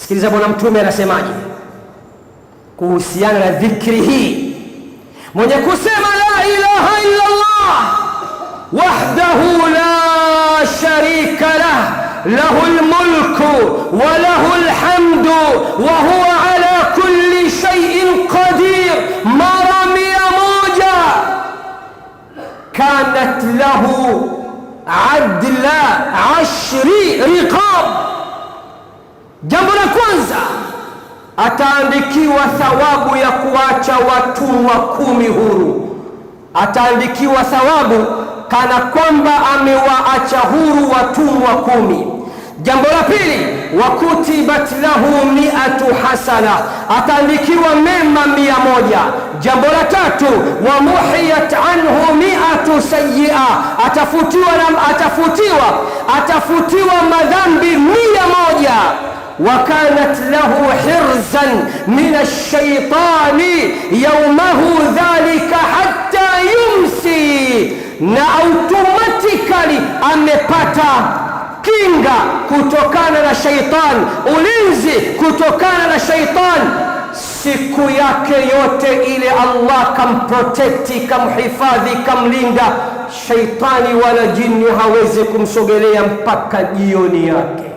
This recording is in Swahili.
Sikiliza Bwana Mtume anasemaje kuhusiana na dhikri hii, mwenye kusema la ilaha illa Allah wahdahu la sharika lah lahu mulku wa lahul hamdu wa huwa ala kulli shay'in qadir, mara mia moja. Kanat lahu adla Jambo la kwanza ataandikiwa thawabu ya kuacha watumwa kumi huru. Ataandikiwa thawabu kana kwamba amewaacha huru watumwa kumi. Jambo la pili, wakutibat lahu miatu hasana, ataandikiwa mema mia moja. Jambo la tatu, wamuhiyat anhu miatu sayia, atafutiwa, atafutiwa, atafutiwa madhambi wakanat lahu hirzan min alshaitani yaumahu dhalika hatta yumsi, na automatikali amepata kinga kutokana na shaitani, ulinzi kutokana na shaitani siku yake yote ile. Allah kamprotekti, kamhifadhi, kamlinda. Shaitani wala jini hawezi kumsogelea mpaka jioni yake.